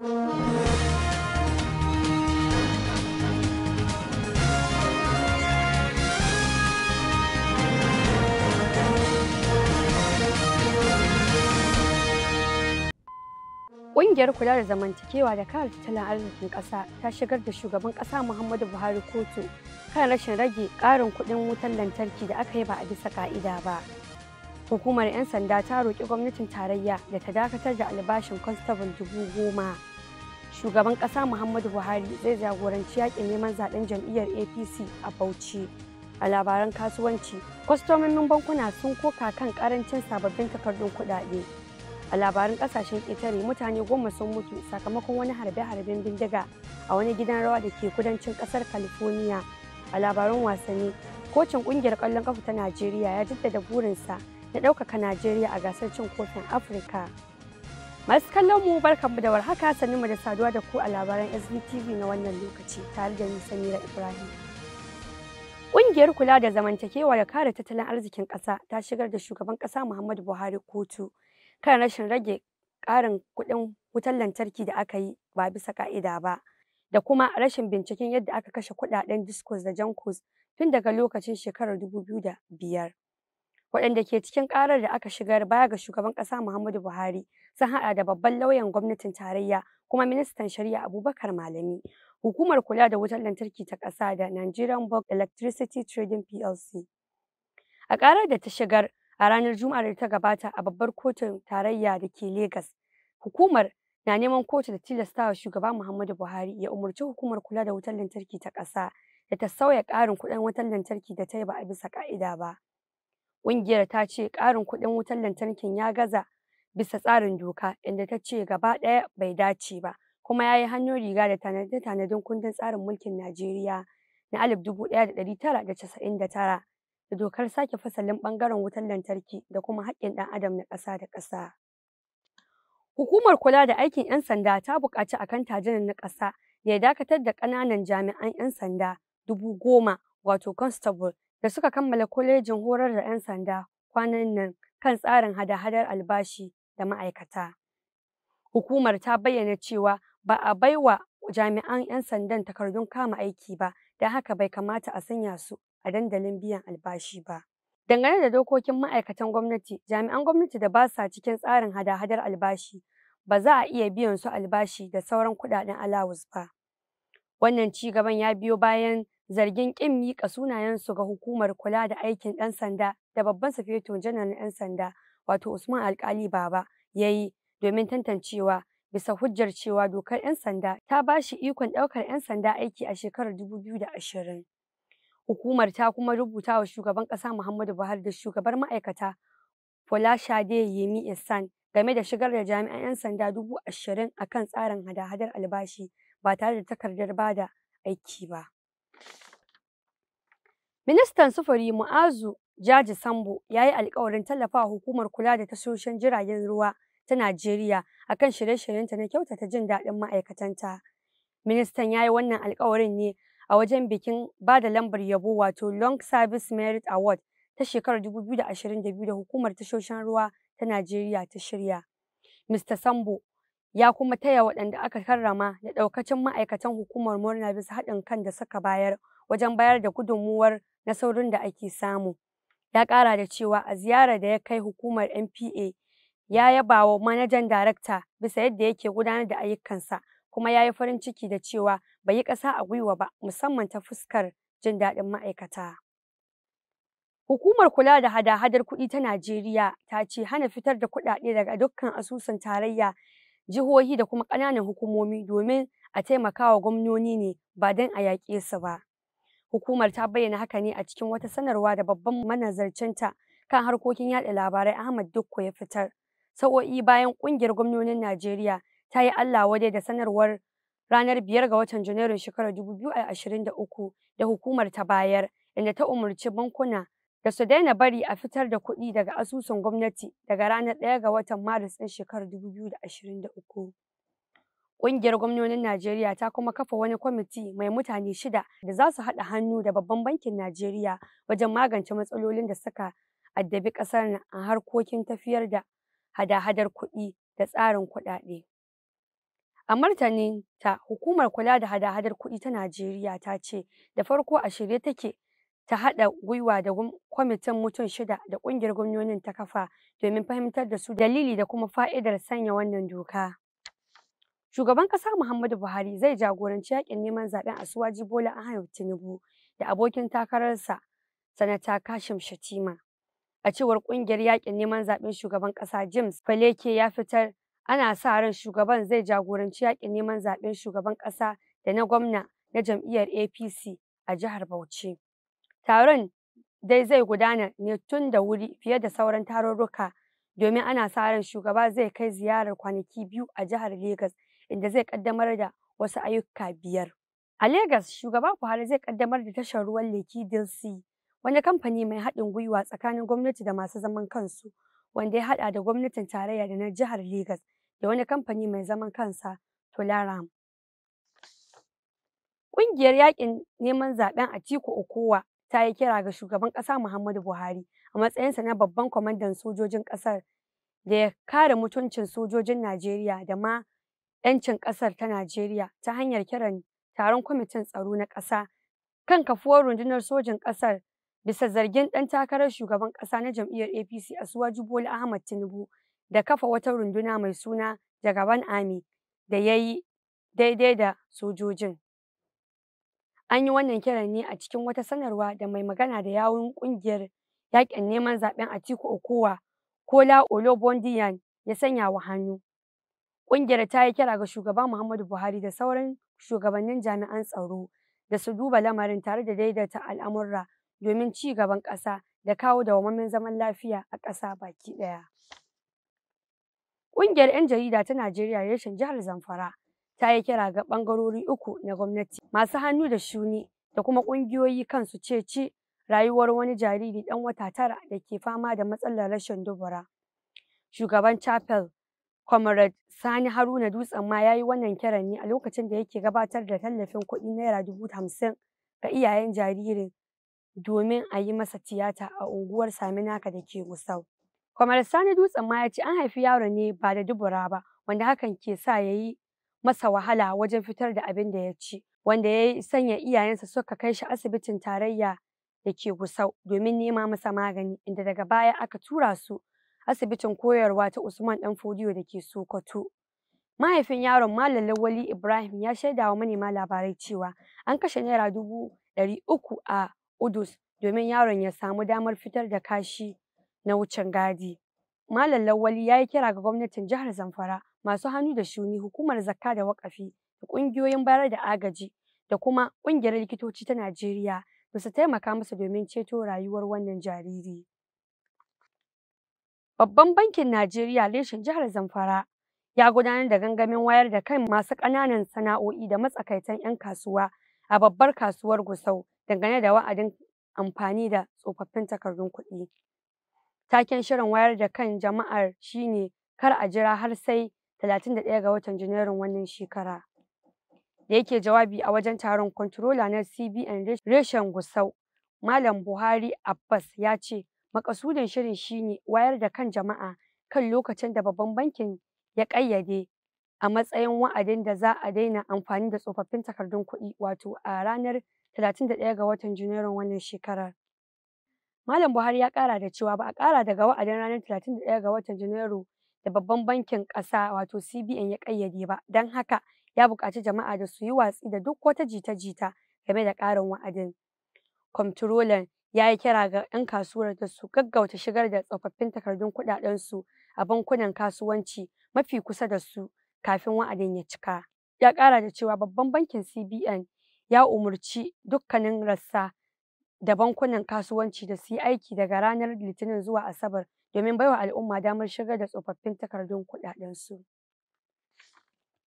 Ƙungiyar kula da zamantakewa da kare tattalin arzikin ƙasa ta shigar da shugaban ƙasa Muhammadu Buhari kotu kan rashin rage ƙarin kuɗin wutar lantarki da aka yi ba a bisa ƙa'ida ba. hukumar 'yan sanda ta roƙi gwamnatin tarayya da ta dakatar da albashin constable dubu goma shugaban ƙasa muhammadu buhari zai jagoranci yaƙin neman zaɓen jam'iyyar apc a bauchi a labaran kasuwanci kwastomomin bankuna sun koka kan ƙarancin sababbin takardun kuɗaɗe a labarin ƙasashen ƙetare mutane goma sun mutu sakamakon wani harbe-harben bindiga a wani gidan rawa da ke kudancin ƙasar california a labaran wasanni kocin ƙungiyar ƙwallon ƙafa ta najeriya ya jaddada burinsa ta ɗaukaka Najeriya a gasar cin kofin Afirka. Masu kallon mu barkanmu da warhaka sannu mu da saduwa da ku a labaran SBTV na wannan lokaci tare da Samira Ibrahim. kungiyar kula da zamantakewa da kare tattalin arzikin ƙasa ta shigar da shugaban ƙasa Muhammadu Buhari kotu kan rashin rage ƙarin kuɗin wutar lantarki da aka yi ba bisa ka'ida ba. da kuma rashin binciken yadda aka kashe kudaden discos da jankos tun daga lokacin shekarar 2005. waɗanda ke cikin ƙarar da aka shigar baya ga shugaban ƙasa Muhammadu Buhari sun haɗa da babban lauyan gwamnatin tarayya kuma ministan shari'a Abubakar Malami. Hukumar kula da wutar lantarki ta ƙasa da Nigerian Bulk Electricity Trading PLC. A ƙarar da ta shigar a ranar Juma'ar da ta gabata a babbar kotun tarayya da ke Legas, hukumar na neman kotu da tilastawa shugaba Muhammadu Buhari ya umarci hukumar kula da wutar lantarki ta ƙasa da ta sauya ƙarin kuɗin wutar lantarki da ta yi ba a bisa ƙa'ida ba. Ƙungiyar ta ce ƙarin kuɗin wutar lantarkin ya gaza bisa tsarin doka inda ta ce gaba ɗaya bai dace ba kuma ya yi hannun riga da tanade-tanadin kundin tsarin mulkin Najeriya na alif dubu ɗaya da tara tara da da da casa'in dokar sake fasalin ɓangaren wutar lantarki da kuma haƙƙin ɗan adam na ƙasa da ƙasa. Hukumar kula da aikin 'yan sanda ta buƙaci kan tajinan na ƙasa da ya dakatar da ƙananan jami'an 'yan sanda dubu goma wato constable da suka kammala kwalejin horar da 'yan sanda kwanan nan kan tsarin hada-hadar albashi da ma'aikata. Hukumar ta bayyana cewa ba a bai wa jami'an 'yan sandan takardun kama aiki ba, don haka bai kamata a sanya su a dandalin biyan albashi ba. Dangane da dokokin ma'aikatan gwamnati, jami'an gwamnati da ba sa cikin tsarin hada-hadar albashi ba za a iya biyan su albashi da sauran kuɗaɗen alawus ba. Wannan ci gaban ya biyo bayan zargin ƙin miƙa sunayensu ga hukumar kula da aikin ɗan sanda da babban sufeto janar na ɗan sanda wato Usman Alkali Baba ya yi domin tantancewa bisa hujjar cewa dokar 'yan sanda ta ba shi ikon ɗaukar 'yan sanda aiki a shekarar 2020. Hukumar ta kuma rubuta wa shugaban ƙasa Muhammadu Buhari da shugabar ma'aikata Folashade Yemi Ihsan game da shigar da jami'an 'yan sanda dubu ashirin a kan tsarin hada-hadar albashi ba tare da takardar bada aiki ba. Ministan Sufuri Mu'azu Jaji Sambo ya yi alkawarin tallafawa hukumar kula da tashoshin jiragen ruwa ta Najeriya akan shirye-shiryenta na kyautata jin daɗin ma'aikatanta. Ministan ya yi wannan alƙawarin ne a wajen bikin ba da lambar yabo wato Long Service Merit Award ta shekarar 2022 da hukumar tashoshin ruwa ta Najeriya ta shirya. Mr. Sambo ya kuma taya waɗanda aka karrama da ɗaukacin ma'aikatan hukumar murna bisa haɗin kan da suka bayar wajen bayar da gudunmuwar saurin da ake samu. Ya ƙara da cewa a ziyarar da ya kai hukumar NPA ya yaba wa manajan darakta bisa yadda yake gudanar da ayyukansa kuma ya yi farin ciki da cewa bai yi ƙasa a gwiwa ba musamman ta fuskar jin daɗin ma'aikata. Hukumar kula da hada-hadar kuɗi ta Najeriya ta ce hana fitar da kuɗaɗe daga dukkan asusun tarayya jihohi da kuma ƙananan hukumomi domin a taimakawa gwamnoni ne ba don a yaƙe su ba. Hukumar ta bayyana haka ne a cikin wata sanarwa da babban manazarcinta kan harkokin yaɗa labarai Ahmad Dukko ya fitar. Sa'o'i bayan ƙungiyar gwamnonin Najeriya ta yi Allah wadai da sanarwar ranar biyar ga watan Janairun shekarar 2023 da hukumar ta bayar, inda ta umarci bankuna da su daina bari a fitar da kuɗi daga asusun gwamnati daga ranar 1 ga watan Maris ɗin shekarar 2023. Ƙungiyar gwamnonin Najeriya ta kuma kafa wani kwamiti mai mutane shida da za su haɗa hannu da Babban Bankin Najeriya wajen magance matsalolin da suka addabi ƙasar nan a harkokin tafiyar da hada-hadar kuɗi da tsarin kuɗaɗe. A martanin ta, Hukumar Kula da Hada-hadar Kuɗi ta Najeriya ta ce da farko a shirye take ta haɗa gwiwa da kwamitin mutum shida da ƙungiyar gwamnonin ta kafa domin fahimtar da su dalili da kuma fa'idar sanya wannan doka. Shugaban ƙasa Muhammadu Buhari zai jagoranci yakin neman zaben Asuwaji Bola Ahmed Tinubu da abokin takararsa Sanata Kashim Shatima. A cewar ƙungiyar yakin neman zaɓen shugaban ƙasa James Faleke ya fitar ana sa ran shugaban zai jagoranci yakin neman zaɓen shugaban ƙasa da na gwamna na jam'iyyar APC a jihar Bauchi. Taron dai zai gudana ne tun da wuri fiye da sauran tarurruka domin ana sa ran shugaba zai kai ziyarar kwanaki biyu a jihar Legas inda zai kaddamar da wasu ayyuka biyar. A Legas, shugaba Buhari zai kaddamar da tashar ruwan Lekki Dilsi, wani kamfani mai haɗin gwiwa tsakanin gwamnati da masu zaman kansu, wanda ya haɗa da gwamnatin tarayya da na jihar Legas da wani kamfani mai zaman kansa, Tularam. Ƙungiyar yaƙin neman zaɓen Atiku Okowa ta yi kira ga shugaban ƙasa Muhammadu Buhari a matsayinsa na babban kwamandan sojojin ƙasar da ya kare mutuncin sojojin Najeriya da ma 'yancin ƙasar ta Najeriya ta hanyar kiran taron kwamitin tsaro na ƙasa kan kafuwar rundunar sojin ƙasar bisa zargin ɗan takarar shugaban ƙasa na jam'iyyar APC a Suwaju Bola Ahmad Tinubu da kafa wata runduna mai suna Jagaban ami da ya yi daidai da sojojin. An yi wannan kiran ne a cikin wata sanarwa da mai magana da yawun ƙungiyar yaƙin neman zaɓen Atiku Okowa Kola Ologbondiyan ya sanya wa hannu. Ƙungiyar ta yi kira ga shugaba Muhammadu Buhari da sauran shugabannin jami'an tsaro da su duba lamarin tare da daidaita al'amura domin ci gaban ƙasa da kawo dawwammamin zaman lafiya a ƙasa baki ɗaya. Ƙungiyar 'yan jarida ta Najeriya reshen jihar Zamfara ta yi kira ga ɓangarori uku na gwamnati masu hannu da shuni da kuma ƙungiyoyi kansu ceci rayuwar wani jariri ɗan wata tara da ke fama da matsalar rashin dubura. Shugaban Chapel Comrade Sani Haruna Dutsen ma ya yi wannan kiran ne a lokacin da yake gabatar da tallafin kuɗi naira dubu hamsin ga iyayen jaririn domin a yi masa tiyata a unguwar Saminaka da ke Gusau. Comrade Sani Dutsen ma ya ce an haifi yaro ne ba da dubura ba wanda hakan ke sa ya yi masa wahala wajen fitar da abin da ya ci wanda ya sanya iyayensa suka kai shi asibitin tarayya da ke Gusau domin nema masa magani inda daga baya aka tura su asibitin koyarwa ta Usman Dan Fodiyo da ke Sokoto. Mahaifin yaron Malam Lawali Ibrahim ya shaida wa manema labarai cewa an kashe naira dubu ɗari uku a Udus domin yaron ya samu damar fitar da kashi na wucin gadi. Malam Lawali ya yi kira ga gwamnatin jihar Zamfara masu hannu da shuni hukumar zakka da wakafi da ƙungiyoyin bayar da agaji da kuma ƙungiyar likitoci ta Najeriya da su taimaka masa domin ceto rayuwar wannan jariri. Babban Bankin Najeriya Leshin jihar Zamfara ya gudanar da gangamin wayar da kan masu ƙananan sana'o'i da matsakaitan 'yan kasuwa a babbar kasuwar Gusau dangane da wa'adin amfani da tsofaffin takardun kuɗi. Taken shirin wayar da kan jama'ar shine kar a jira har sai talatin da ɗaya ga watan Janairun wannan shekara. Da yake jawabi a wajen taron kwantarola na CBN reshen Gusau, Malam Buhari Abbas ya ce Makasudin shirin shi ne wayar da kan jama'a kan lokacin da Babban Bankin ya ƙayyade a matsayin wa'adin da za a daina amfani da tsofaffin takardun kuɗi wato a ranar 31 ga watan Janairun wannan shekarar. Malam Buhari ya ƙara da cewa ba a ƙara daga wa'adin ranar 31 ga watan Janairu da Babban Bankin Ƙasa wato CBN ya ƙayyade ba, don haka ya buƙaci jama'a da su yi watsi da duk wata jita-jita game da ƙarin wa'adin. Comptroller ya yi kira ga 'yan kasuwar da su gaggauta shigar da tsofaffin takardun kuɗaɗensu a bankunan kasuwanci mafi kusa da su kafin wa'adin ya cika. Ya ƙara da cewa babban bankin CBN ya umarci dukkanin rassa da bankunan kasuwanci da su yi aiki daga ranar Litinin zuwa Asabar domin baiwa al'umma damar shigar da tsofaffin takardun kuɗaɗensu.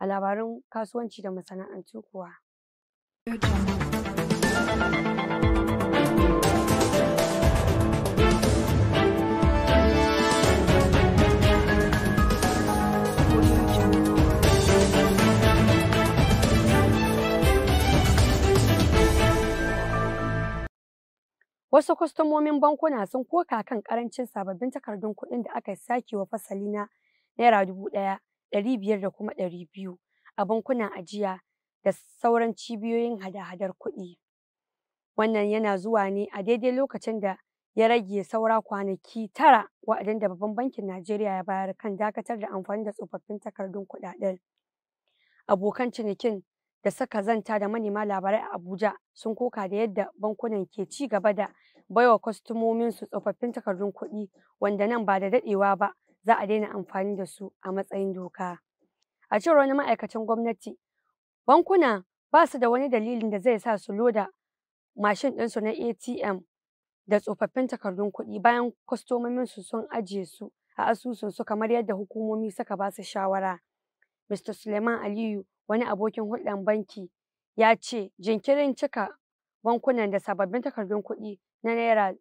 A labarun kasuwanci da masana'antu kuwa. Wasu kwastomomin bankuna sun koka kan karancin sababbin takardun kuɗin da aka sake wa fasali na naira dubu ɗaya, ɗari biyar da kuma ɗari biyu a bankunan ajiya da sauran cibiyoyin hada-hadar kuɗi. Wannan yana zuwa ne a daidai lokacin da ya rage saura kwanaki tara wa'adin da Babban Bankin Najeriya ya bayar kan dakatar da amfani da tsofaffin takardun kuɗaɗen. Abokan cinikin da saka zanta da manema labarai a Abuja sun koka da yadda bankunan ke ci gaba da baiwa kwastomomin su tsofaffin takardun kuɗi wanda nan ba da daɗewa ba za a daina amfani da su a matsayin doka. A cewar wani ma'aikacin gwamnati, bankuna ba su da wani dalilin da zai sa su loda mashin ɗinsu na ATM da tsofaffin takardun kuɗi bayan kwastomomin su sun ajiye su a asusun su kamar yadda hukumomi suka ba su shawara. Mr. Suleiman Aliyu, wani abokin hulɗar banki, ya ce jinkirin cika bankunan da sababbin takardun kuɗi na naira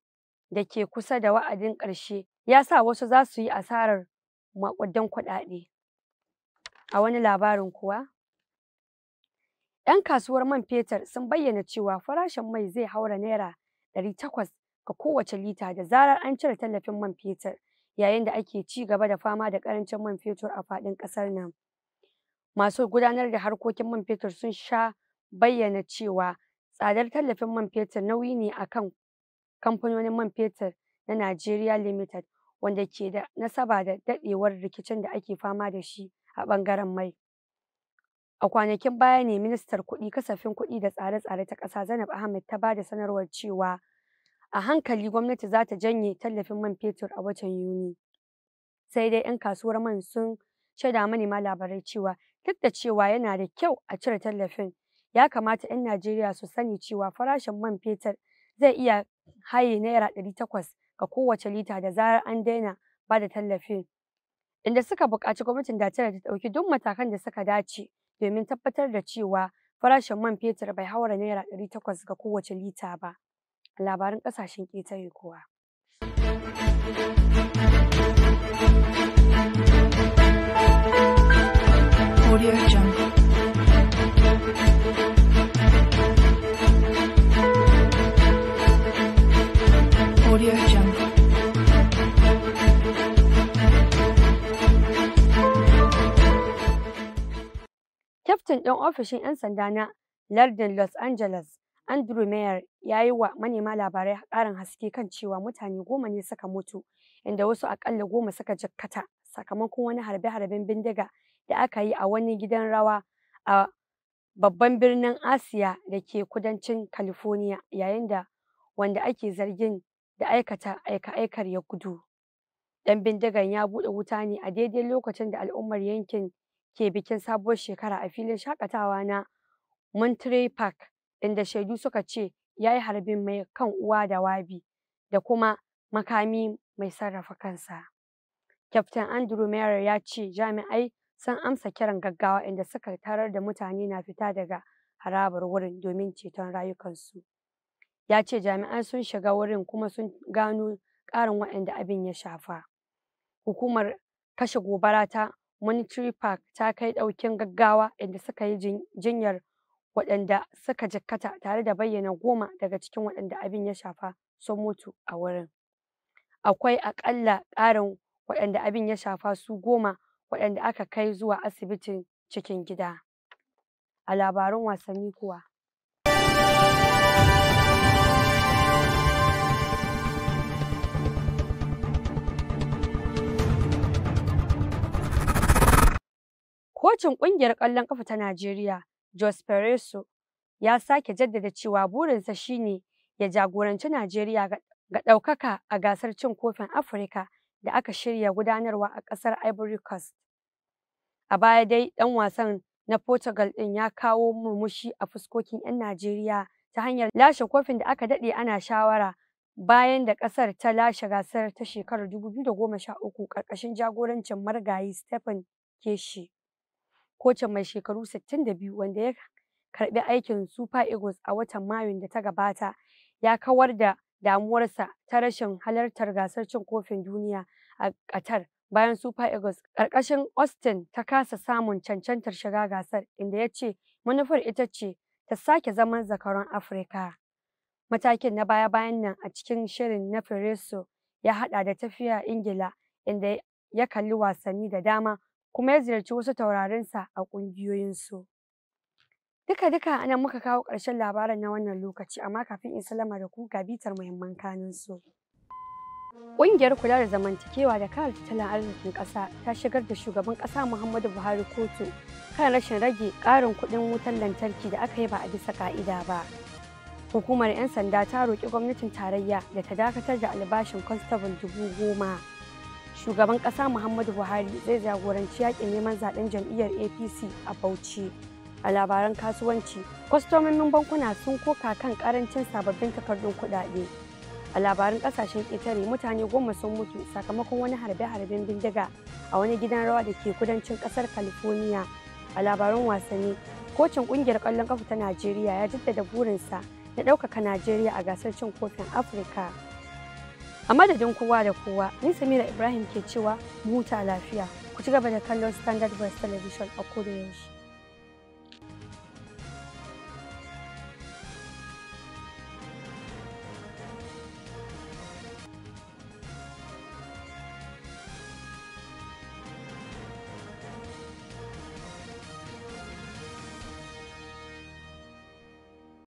da ke kusa da wa'adin ƙarshe ya sa wasu za su yi asarar maƙudan kuɗaɗe. A wani labarin kuwa, ‘yan kasuwar man fetur sun bayyana cewa farashin mai zai haura naira ɗari takwas ga kowace lita da zarar an cire tallafin man fetur yayin da ake ci gaba da fama da ƙarancin man fetur a faɗin ƙasar nan. Masu gudanar da harkokin man fetur sun sha bayyana cewa tsadar tallafin man fetur nauyi ne akan kamfanonin man fetur na Najeriya Limited wanda ke da nasaba da daɗewar rikicin da ake fama da shi a ɓangaren mai. A kwanakin baya ne ministar kuɗi, kasafin kuɗi da tsare-tsare ta ƙasa Zainab Ahmed ta ba da sanarwar cewa a hankali gwamnati za ta janye tallafin man fetur a watan Yuni. Sai dai 'yan kasuwar man sun shaida manema labarai cewa duk da cewa yana da kyau a cire tallafin, ya kamata 'yan Najeriya su sani cewa farashin man fetur zai iya haye naira ɗari takwas ga kowace lita da zarar an daina ba da tallafi. inda suka buƙaci gwamnatin da ta ɗauki duk matakan da suka dace domin tabbatar da cewa farashin man fetur bai haura naira ɗari takwas ga kowace lita ba labarin ƙasashen ƙetare kowa! Audio Ɗan ofishin ‘yan sanda na lardin Los Angeles, Andrew Mayer, ya yi wa manema labarai ƙarin haske kan cewa mutane goma ne suka mutu, inda wasu aƙalla goma suka jikkata sakamakon wani harbe-harben bindiga da aka yi a wani gidan rawa a babban birnin Asiya da ke kudancin California, yayin da wanda ake zargin da aikata aika-aikar ya gudu. Dan bindigan ya buɗe wuta ne a daidai lokacin da al'ummar yankin ke bikin sabuwar shekara a filin shakatawa na Monterey Park inda shaidu suka ce ya yi harbin mai kan uwa da wabi da kuma makami mai sarrafa kansa. Kyaftin Andrew Mayer ya ce jami'ai sun amsa kiran gaggawa inda suka tarar da mutane na fita daga harabar wurin domin ceton rayukansu. Ya ce jami'ai sun shiga wurin kuma sun gano ƙarin waɗanda abin ya shafa. Hukumar kashe gobara ta Monetary Park ta kai ɗaukin gaggawa inda suka yi jinyar waɗanda suka jikkata tare da bayyana goma daga cikin waɗanda abin ya shafa sun mutu a wurin. Akwai aƙalla ƙarin waɗanda abin ya shafa su goma waɗanda aka kai zuwa asibitin cikin gida. A labarun wasanni kuwa Kocin ƙungiyar ƙwallon ƙafa ta Najeriya, Jos Pereso, ya sake jaddada cewa burinsa shine ya jagoranci Najeriya ga ɗaukaka a gasar cin kofin Afirka da aka shirya gudanarwa a ƙasar Ivory Coast. A baya dai ɗan wasan na Portugal ɗin ya kawo murmushi a fuskokin 'yan Najeriya ta hanyar lashe kofin da aka daɗe ana shawara bayan da ƙasar ta lashe gasar ta shekarar 2013 ƙarƙashin jagorancin marigayi Stephen Keshi. kocin mai shekaru 62 wanda ya karbi aikin Super Eagles a watan mayu da ta gabata ya kawar da damuwarsa ta rashin halartar gasar cin kofin duniya a Qatar bayan Super Eagles ƙarƙashin Austin ta kasa samun cancantar shiga gasar inda yace manufar ita ce ta sake zaman zakaron Afirka. Matakin na baya-bayan nan a cikin shirin na Fereso ya haɗa da tafiya Ingila inda ya kalli wasanni da dama kuma ya ziyarci wasu taurarinsa a ƙungiyoyinsu. Duka-duka ana muka kawo ƙarshen labaran na wannan lokaci amma kafin in salama da ku ga bitar muhimman su. Ƙungiyar kula da zamantakewa da kare tattalin arzikin ƙasa ta shigar da shugaban ƙasa Muhammadu Buhari kotu kan rashin rage ƙarin kuɗin wutar lantarki da aka yi ba a bisa ƙa'ida ba. Hukumar 'yan sanda ta roƙi gwamnatin tarayya da ta dakatar da albashin constable dubu goma. shugaban ƙasa muhammadu buhari zai jagoranci yakin neman zaɓen jam'iyyar apc a bauchi a labaran kasuwanci kwastomomin bankuna sun koka kan karancin sababbin takardun kuɗaɗe a labarin ƙasashen ƙetare mutane goma sun mutu sakamakon wani harbe-harben bindiga a wani gidan rawa da ke kudancin ƙasar california a labaran wasanni kocin ƙungiyar ƙwallon ƙafa ta najeriya ya jaddada burinsa na ɗaukaka najeriya a gasar cin kofin afirka A madadin kowa da kowa, ni Samira Ibrahim ke cewa huta lafiya. Ku ci gaba da kallon Standard Voice Television a koda